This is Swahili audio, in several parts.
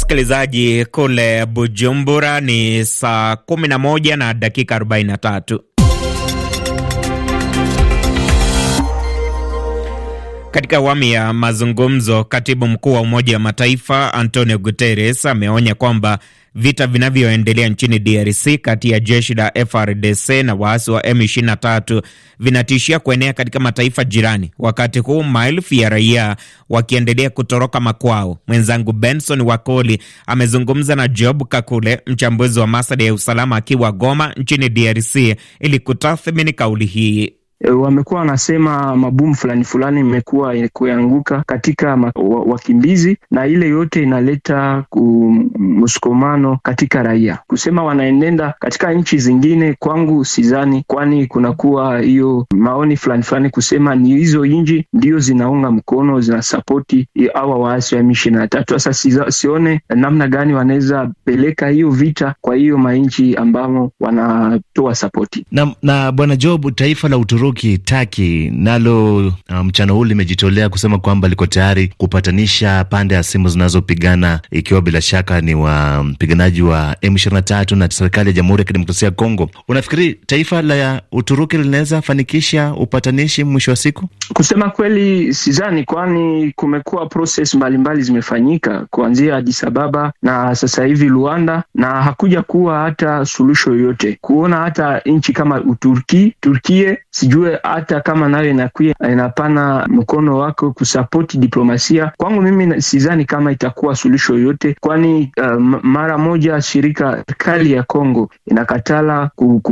Msikilizaji kule Bujumbura ni saa 11 na dakika 43. Katika awamu ya mazungumzo, katibu mkuu wa Umoja wa Mataifa Antonio Guterres ameonya kwamba vita vinavyoendelea nchini DRC kati ya jeshi la FRDC na waasi wa M23 vinatishia kuenea katika mataifa jirani, wakati huu maelfu ya raia wakiendelea kutoroka makwao. Mwenzangu Benson Wakoli amezungumza na Job Kakule, mchambuzi wa masuala ya usalama, akiwa Goma nchini DRC, ili kutathmini kauli hii e, wamekuwa wanasema mabomu fulani fulani imekuwa kuanguka katika ma, wa, wakimbizi na ile yote inaleta msukumano katika raia kusema wanaenenda katika nchi zingine. Kwangu sizani kwani kunakuwa hiyo maoni fulani fulani kusema ni hizo nchi ndio zinaunga mkono zinasapoti awa waasi wa na tatu Sasa sione namna gani wanaweza peleka hiyo vita kwa hiyo manchi ambamo wanatoa sapoti na, na bwana Job, taifa la Uturuki Uturuki taki nalo uh, mchano um, huu limejitolea kusema kwamba liko tayari kupatanisha pande ya simu zinazopigana ikiwa bila shaka ni wapiganaji wa, M23 na serikali ya Jamhuri ya Kidemokrasia ya Kongo. Unafikiri taifa la Uturuki linaweza fanikisha upatanishi mwisho wa siku? Kusema kweli, sizani kwani kumekuwa proses mbalimbali zimefanyika kuanzia Addis Ababa na sasa hivi Luanda, na hakuja kuwa hata suluhisho yoyote. Kuona hata nchi kama Uturki Turkie sijui ujue hata kama nayo inakuya inapana mkono wako kusapoti diplomasia. Kwangu mimi sizani kama itakuwa suluhisho yoyote, kwani uh, mara moja shirika serikali ya Kongo inakatala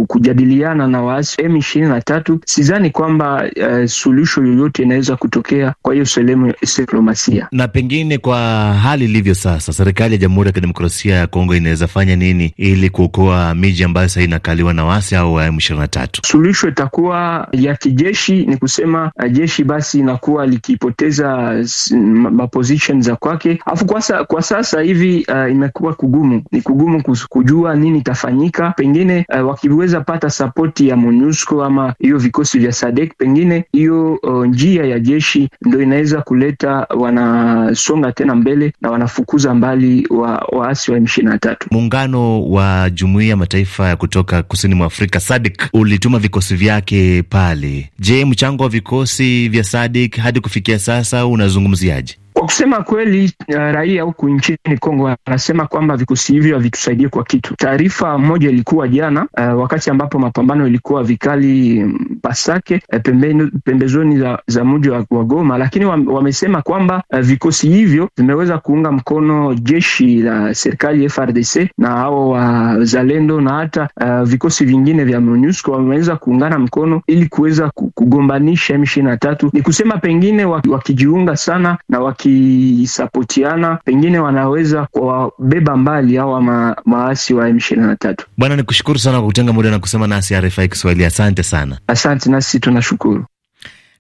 kujadiliana na waasi M ishirini na tatu, sizani kwamba uh, suluhisho yoyote inaweza kutokea kwa hiyo selemu diplomasia. Na pengine kwa hali ilivyo sasa, serikali ya Jamhuri ya Kidemokrasia ya Kongo inaweza fanya nini ili kuokoa miji ambayo sasa inakaliwa na waasi au wa M ishirini na tatu? Suluhisho itakuwa ya kijeshi ni kusema ah, jeshi basi inakuwa likipoteza mm, maposition za kwake, alafu kwa, sa, kwa sasa hivi uh, imekuwa kugumu, ni kugumu kujua nini itafanyika. Pengine uh, wakiweza pata sapoti ya MONUSCO ama hiyo vikosi vya sadek pengine hiyo uh, njia ya jeshi ndo inaweza kuleta wanasonga tena mbele na wanafukuza mbali wa waasi wa M23. Muungano wa Jumuiya ya Mataifa ya kutoka kusini mwa Afrika SADC ulituma vikosi vyake pa Mali. Je, mchango wa vikosi vya Sadik hadi kufikia sasa unazungumziaje? Kwa kusema kweli, eh, raia huku nchini Kongo wanasema kwamba vikosi hivyo havitusaidie kwa kitu. Taarifa moja ilikuwa jana uh, wakati ambapo mapambano ilikuwa vikali mm, Pasake eh, pembe, pembezoni za, za mji wa Goma, lakini wamesema kwamba uh, vikosi hivyo vimeweza kuunga mkono jeshi la serikali FRDC na hao wazalendo na hata uh, vikosi vingine vya MONUSCO wameweza kuungana mkono ili kuweza kugombanisha M ishirini na tatu. Ni kusema pengine wakijiunga sana na waki wakisapotiana, pengine wanaweza kuwabeba mbali awa ma, maasi wa M23. Bwana, ni kushukuru sana kwa kutenga muda na kusema nasi RFI Kiswahili. Asante sana. Asante, nasi tunashukuru.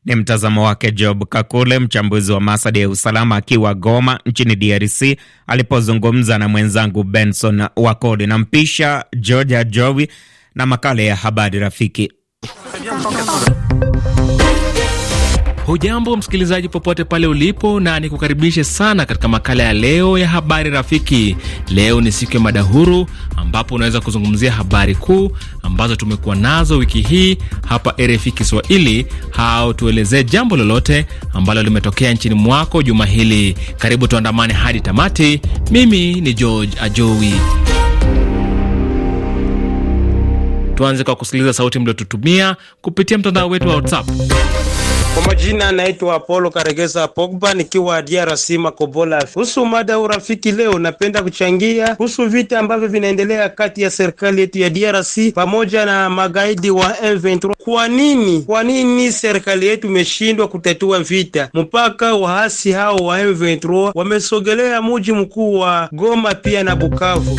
Ni mtazamo wake Job Kakule, mchambuzi wa masad ya usalama akiwa Goma nchini DRC, alipozungumza na mwenzangu Benson Wakodi na mpisha Georgia Jowi na makala ya habari rafiki Hujambo msikilizaji, popote pale ulipo, na nikukaribishe sana katika makala ya leo ya habari rafiki. Leo ni siku ya mada huru, ambapo unaweza kuzungumzia habari kuu ambazo tumekuwa nazo wiki hii hapa RFI Kiswahili, au tuelezee jambo lolote ambalo limetokea nchini mwako juma hili. Karibu tuandamane hadi tamati. Mimi ni George Ajowi. Tuanze kwa kusikiliza sauti mliotutumia kupitia mtandao wetu wa WhatsApp. Kwa majina naitwa Apollo Karegeza Pogba nikiwa DRC Makobola. Kuhusu mada ya urafiki leo, napenda kuchangia kuhusu vita ambavyo vinaendelea kati ya serikali yetu ya DRC pamoja na magaidi wa M23. Kwa nini, kwa nini serikali yetu imeshindwa kutatua vita mpaka waasi hao wa M23 wamesogelea muji mkuu wa Goma pia na Bukavu?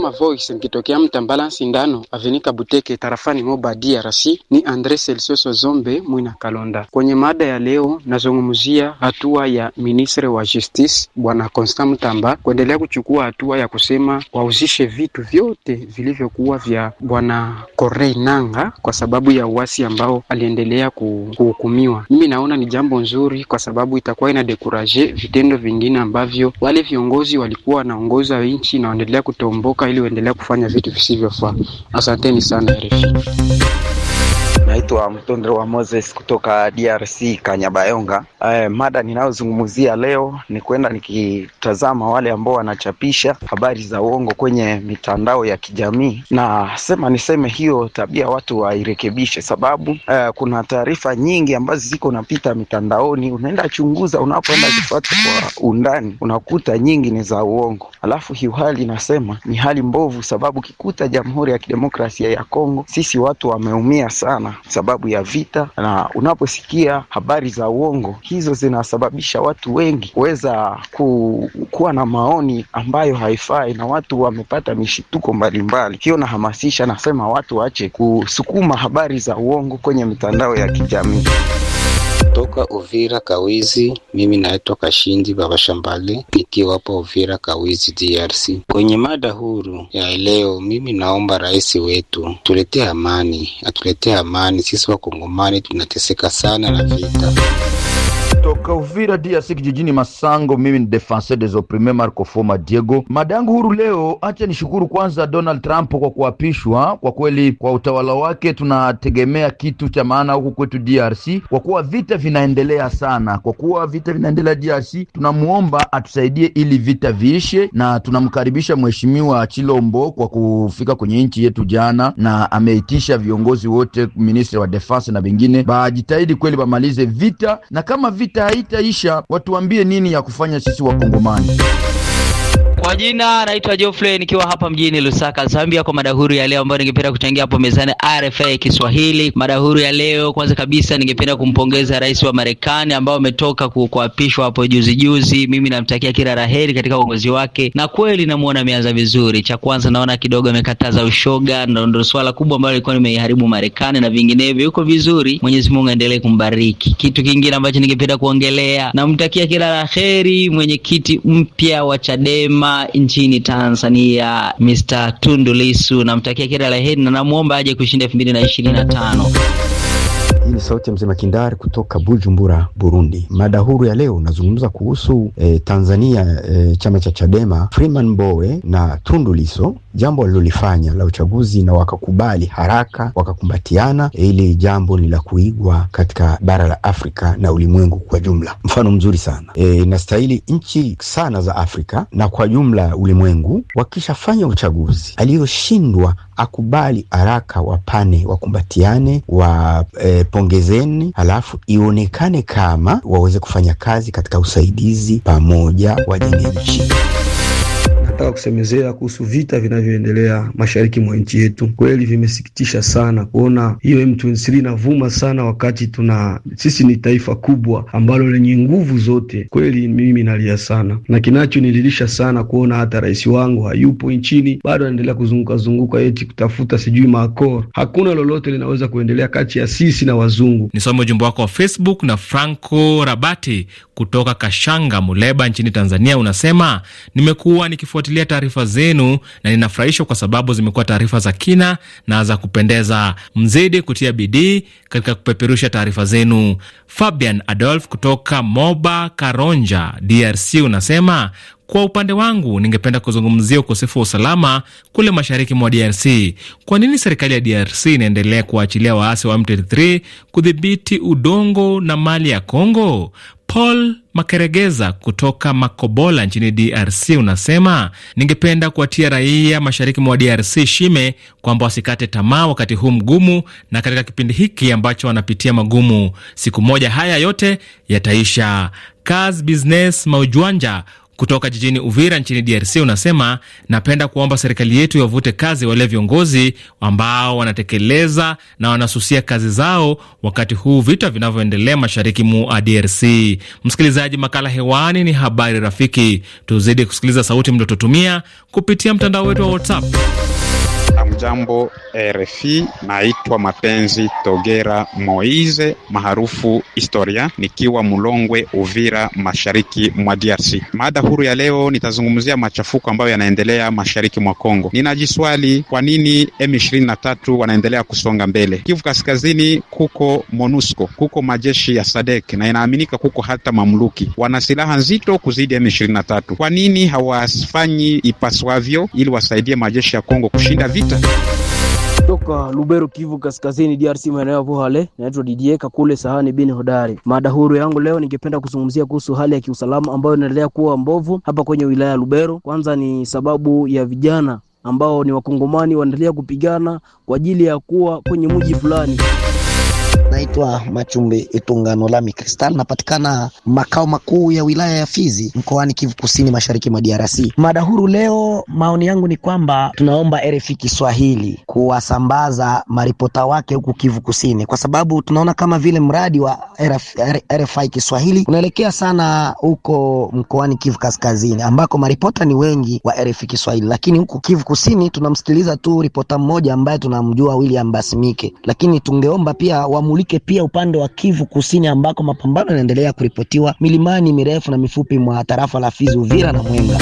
Goma Voice, nikitokea Mtambala Sindano Avenika Buteke tarafani Moba DRC. Ni Andre Selsoso Zombe Mwina Kalonda. Kwenye mada ya leo nazungumzia hatua ya ministre wa justice bwana Constant mtamba kuendelea kuchukua hatua ya kusema wauzishe vitu vyote vilivyokuwa vya bwana corey Nanga kwa sababu ya uasi ambao aliendelea kuhukumiwa. Mimi naona ni jambo nzuri, kwa sababu itakuwa ina dekuraje vitendo vingine ambavyo wale viongozi walikuwa wanaongoza nchi na wanaendelea kutomboka ili uendelea kufanya vitu visivyofaa. Asanteni sana RFI. Naitwa Mtondre wa Moses kutoka DRC Kanyabayonga. E, mada ninayozungumzia leo ni kwenda nikitazama wale ambao wanachapisha habari za uongo kwenye mitandao ya kijamii, na sema niseme hiyo tabia watu wairekebishe, sababu e, kuna taarifa nyingi ambazo ziko napita mitandaoni, unaenda chunguza, unapoenda kufuata kwa undani unakuta nyingi ni za uongo. Alafu hiyo hali nasema ni hali mbovu, sababu kikuta Jamhuri ya Kidemokrasia ya Kongo sisi watu wameumia sana sababu ya vita, na unaposikia habari za uongo hizo zinasababisha watu wengi kuweza ku, kuwa na maoni ambayo haifai, na watu wamepata mishituko mbalimbali. Hiyo nahamasisha, nasema watu waache kusukuma habari za uongo kwenye mitandao ya kijamii. Kutoka Uvira Kawizi, mimi naitwa Kashindi Baba Shambale, nikiwapo Uvira Kawizi, DRC. Kwenye mada huru ya leo, mimi naomba rais wetu tuletee amani, atuletee amani. Sisi Wakongomani tunateseka sana na vita. Toka Uvira DRC kijijini Masango, mimi ni defense des opprimes Marco Foma Diego. Madangu huru leo, acha nishukuru kwanza Donald Trump kwa kuapishwa. Kwa kweli kwa utawala wake tunategemea kitu cha maana huku kwetu DRC, kwa kuwa vita vinaendelea sana. Kwa kuwa vita vinaendelea DRC, tunamuomba atusaidie ili vita viishe, na tunamkaribisha mheshimiwa Chilombo kwa kufika kwenye nchi yetu jana, na ameitisha viongozi wote, ministre wa defense na vingine, bajitahidi kweli bamalize vita, na kama vita vita haitaisha, watuambie nini ya kufanya sisi Wakongomani. Kwa jina naitwa Geoffrey nikiwa hapa mjini Lusaka, Zambia, kwa mada huru ya leo ambayo ningependa kuchangia hapo mezani RFA Kiswahili. Mada huru ya leo, kwanza kabisa, ningependa kumpongeza rais wa Marekani ambao ametoka kuapishwa hapo juzi juzi. Mimi namtakia kila laheri katika uongozi wake, na kweli namuona ameanza vizuri. Cha kwanza, naona kidogo amekataza ushoga, ndio swala kubwa ambalo lilikuwa limeiharibu Marekani na vinginevyo. Yuko vizuri, Mwenyezi Mungu aendelee kumbariki. Kitu kingine ambacho ningependa kuongelea, namtakia kila laheri mwenyekiti mpya wa Chadema nchini Tanzania, Mr. Tundu Lisu. Namtakia kila la heri na namwomba aje kushinda 2025. Hii ni sauti ya mzee Makindari kutoka Bujumbura, Burundi. Mada huru ya leo unazungumza kuhusu eh, Tanzania, eh, chama cha Chadema, Freeman Mbowe na Tundu Liso jambo walilolifanya la uchaguzi, na wakakubali haraka, wakakumbatiana. Hili jambo ni la kuigwa katika bara la Afrika na ulimwengu kwa jumla. Mfano mzuri sana e, inastahili nchi sana za Afrika na kwa jumla ulimwengu, wakishafanya uchaguzi aliyoshindwa akubali haraka, wapane, wakumbatiane, wapongezeni, e, halafu ionekane kama waweze kufanya kazi katika usaidizi pamoja, wajenge nchi nataka kusemezea kuhusu vita vinavyoendelea mashariki mwa nchi yetu. Kweli vimesikitisha sana kuona hiyo M23 inavuma sana, wakati tuna sisi ni taifa kubwa ambalo lenye nguvu zote. Kweli mimi nalia sana, na kinachonililisha sana kuona hata rais wangu hayupo nchini, bado anaendelea kuzunguka zunguka eti kutafuta sijui maakor. Hakuna lolote linaweza kuendelea kati ya sisi na wazungu. Nisome ujumbe wako wa Facebook na Franco Rabati kutoka Kashanga, Muleba nchini Tanzania, unasema nimekuwa nikifuatilia kufuatilia taarifa zenu na ninafurahishwa kwa sababu zimekuwa taarifa za kina na za kupendeza. Mzidi kutia bidii katika kupeperusha taarifa zenu. Fabian Adolf kutoka Moba Karonja, DRC unasema kwa upande wangu ningependa kuzungumzia ukosefu wa usalama kule mashariki mwa DRC. Kwa nini serikali ya DRC inaendelea kuwaachilia waasi wa M23 kudhibiti udongo na mali ya congo Paul Makeregeza kutoka Makobola nchini DRC unasema, ningependa kuwatia raia mashariki mwa DRC shime kwamba wasikate tamaa wakati huu mgumu na katika kipindi hiki ambacho wanapitia magumu. Siku moja haya yote yataisha. Kaz Business Maujwanja kutoka jijini Uvira nchini DRC unasema, napenda kuomba serikali yetu iwavute kazi wale viongozi ambao wanatekeleza na wanasusia kazi zao wakati huu vita vinavyoendelea mashariki mwa DRC. Msikilizaji, makala hewani ni habari rafiki, tuzidi kusikiliza sauti mliotutumia kupitia mtandao wetu wa WhatsApp. Amjambo eh, RFI, naitwa Mapenzi Togera Moize maarufu Historia, nikiwa Mulongwe, Uvira, mashariki mwa DRC. Mada huru ya leo nitazungumzia machafuko ambayo yanaendelea mashariki mwa Kongo. Ninajiswali kwa nini M23 wanaendelea kusonga mbele. Kivu Kaskazini kuko MONUSCO, kuko majeshi ya SADC na inaaminika kuko hata mamluki, wana silaha nzito kuzidi M23. Kwa nini hawafanyi ipaswavyo ili wasaidie majeshi ya Kongo kushinda vi vita toka Lubero, Kivu Kaskazini, DRC, maeneo ya Vuhale. Naitwa Didier Kakule Sahani bin Hodari. Mada huru yangu leo, ningependa kuzungumzia kuhusu hali ya kiusalama ambayo inaendelea kuwa mbovu hapa kwenye wilaya ya Lubero. Kwanza ni sababu ya vijana ambao ni wakongomani wanaendelea kupigana kwa ajili ya kuwa kwenye mji fulani. Naitwa Machumbe Itungano la Kristal, napatikana makao makuu ya wilaya ya Fizi mkoani Kivu Kusini, mashariki mwa DRC. Mada huru leo, maoni yangu ni kwamba tunaomba RFI Kiswahili kuwasambaza maripota wake huku Kivu Kusini, kwa sababu tunaona kama vile mradi wa RF, RFI Kiswahili unaelekea sana huko mkoani Kivu Kaskazini ambako maripota ni wengi wa RFI Kiswahili, lakini huku Kivu Kusini tunamsikiliza tu ripota mmoja ambaye tunamjua William Basimike, lakini tungeomba pia wamuliki tuelekee pia upande wa Kivu Kusini ambako mapambano yanaendelea kuripotiwa milimani mirefu na mifupi mwa tarafa la Fizi, Uvira na Mwenga.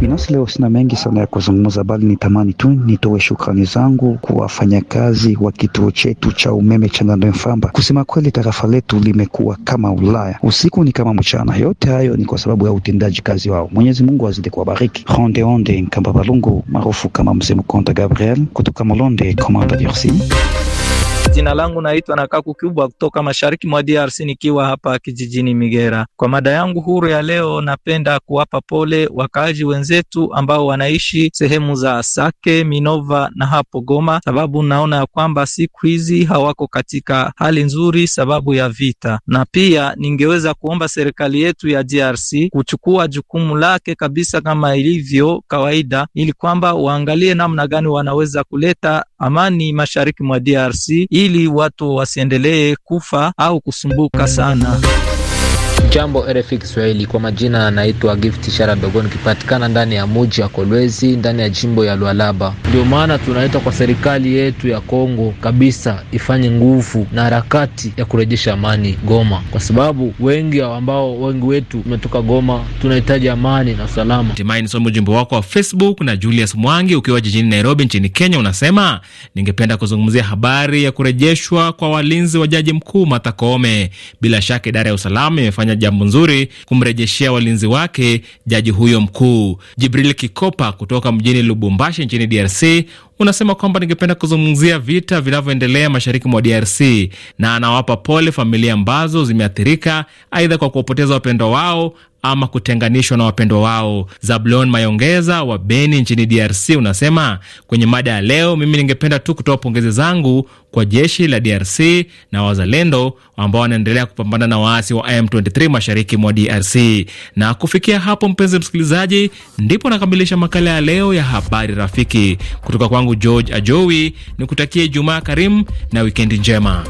Binafsi leo sina mengi sana ya kuzungumza, bali nitamani tu nitoe shukrani zangu kwa wafanyakazi wa kituo chetu cha umeme cha Mfamba. Kusema kweli, tarafa letu limekuwa kama Ulaya, usiku ni kama mchana. Yote hayo ni kwa sababu ya utendaji kazi wao. Mwenyezi Mungu azidi kuwabariki. Ronde onde Nkamba Balungu, maarufu kama Mzee Mkonta Gabriel, kutoka Molonde, Komanda Ursi. Jina langu naitwa Nakaku Kubwa kutoka mashariki mwa DRC nikiwa hapa kijijini Migera. Kwa mada yangu huru ya leo, napenda kuwapa pole wakaaji wenzetu ambao wanaishi sehemu za Sake, Minova na hapo Goma, sababu naona ya kwamba siku hizi hawako katika hali nzuri sababu ya vita, na pia ningeweza kuomba serikali yetu ya DRC kuchukua jukumu lake kabisa kama ilivyo kawaida, ili kwamba waangalie namna gani wanaweza kuleta amani mashariki mwa DRC ili watu wasiendelee kufa au kusumbuka sana. Jambo RFI Kiswahili, kwa majina anaitwa Gift Shara Dogo, nikipatikana ndani ya muji ya Kolwezi ndani ya jimbo ya Lualaba. Ndio maana tunaita kwa serikali yetu ya Kongo kabisa ifanye nguvu na harakati ya kurejesha amani Goma, kwa sababu wengi ambao wengi wetu tumetoka Goma, tunahitaji amani na usalama. Hatimaye somo jimbo wako wa Facebook na Julius Mwangi ukiwa jijini Nairobi nchini Kenya, unasema ningependa kuzungumzia habari ya kurejeshwa kwa walinzi wa jaji mkuu Martha Koome. Bila shaka idara ya usalama imefanya jambo nzuri kumrejeshea walinzi wake jaji huyo mkuu. Jibril Kikopa kutoka mjini Lubumbashi nchini DRC unasema kwamba ningependa kuzungumzia vita vinavyoendelea mashariki mwa DRC na anawapa pole familia ambazo zimeathirika aidha kwa kuwapoteza wapendwa wao ama kutenganishwa na wapendwa wao. Zablon Mayongeza wa Beni nchini DRC unasema kwenye mada ya leo, mimi ningependa tu kutoa pongezi zangu kwa jeshi la DRC na wazalendo ambao wanaendelea kupambana na waasi wa M23 mashariki mwa DRC. Na kufikia hapo, mpenzi msikilizaji, ndipo nakamilisha makala ya leo ya habari rafiki kutoka kwangu wangu George Ajowi ni kutakia Ijumaa karimu na wikendi njema.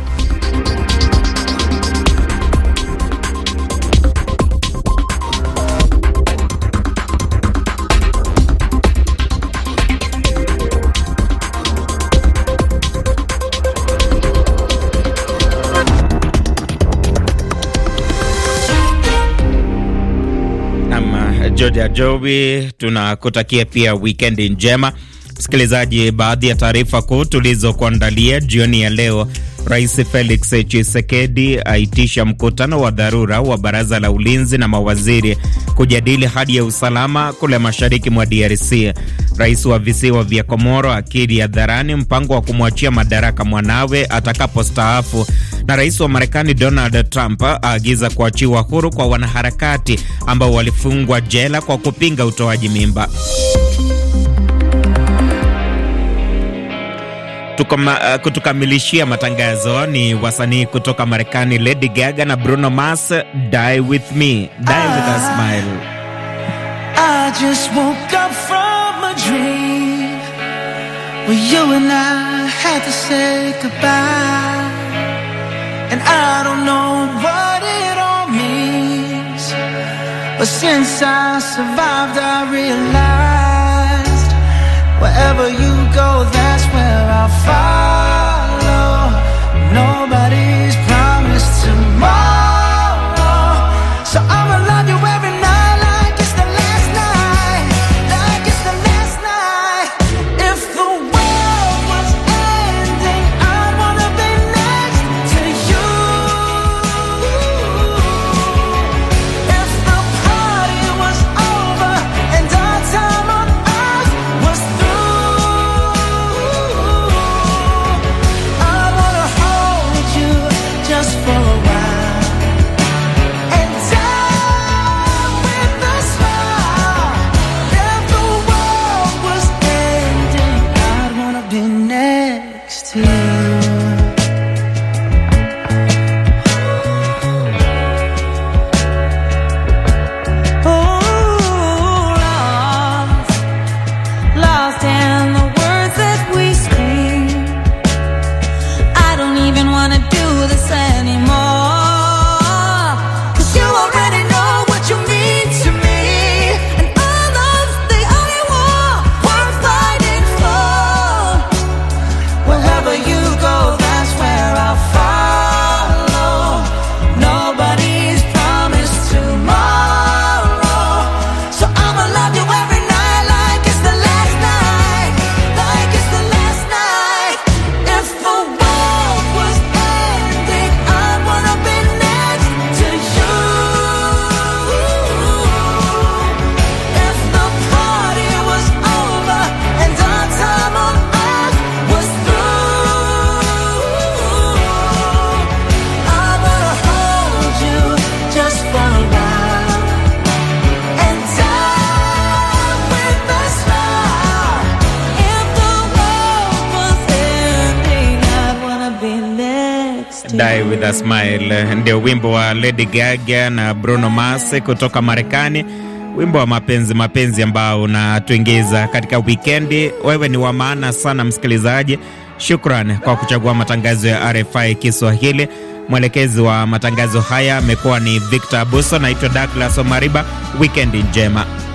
Georgia Jobi, tunakutakia pia wikendi njema. Msikilizaji, baadhi ya taarifa kuu tulizokuandalia jioni ya leo: Rais Felix Tshisekedi aitisha mkutano wa dharura wa baraza la ulinzi na mawaziri kujadili hali ya usalama kule mashariki mwa DRC. Rais wa visiwa vya Komoro akiri hadharani mpango wa kumwachia madaraka mwanawe atakapostaafu, na rais wa Marekani Donald Trump aagiza kuachiwa huru kwa wanaharakati ambao walifungwa jela kwa kupinga utoaji mimba. Tukoma, eh, kutukamilishia matangazo ni wasanii kutoka Marekani Lady Gaga na Bruno Mars Die With Me, Die With A ah. Smile. I just woke up from a dream where you and I had to say goodbye and I don't know what it all means but since I survived I realized Wherever you go, that's where I'll find Die With A Smile ndio wimbo wa Lady Gaga na Bruno Mars kutoka Marekani, wimbo wa mapenzi mapenzi ambao unatuingiza katika wikendi. Wewe ni wa maana sana msikilizaji, shukran kwa kuchagua matangazo ya RFI Kiswahili. Mwelekezi wa matangazo haya amekuwa ni Victor Abuso, naitwa Douglas Omariba. Wikendi njema.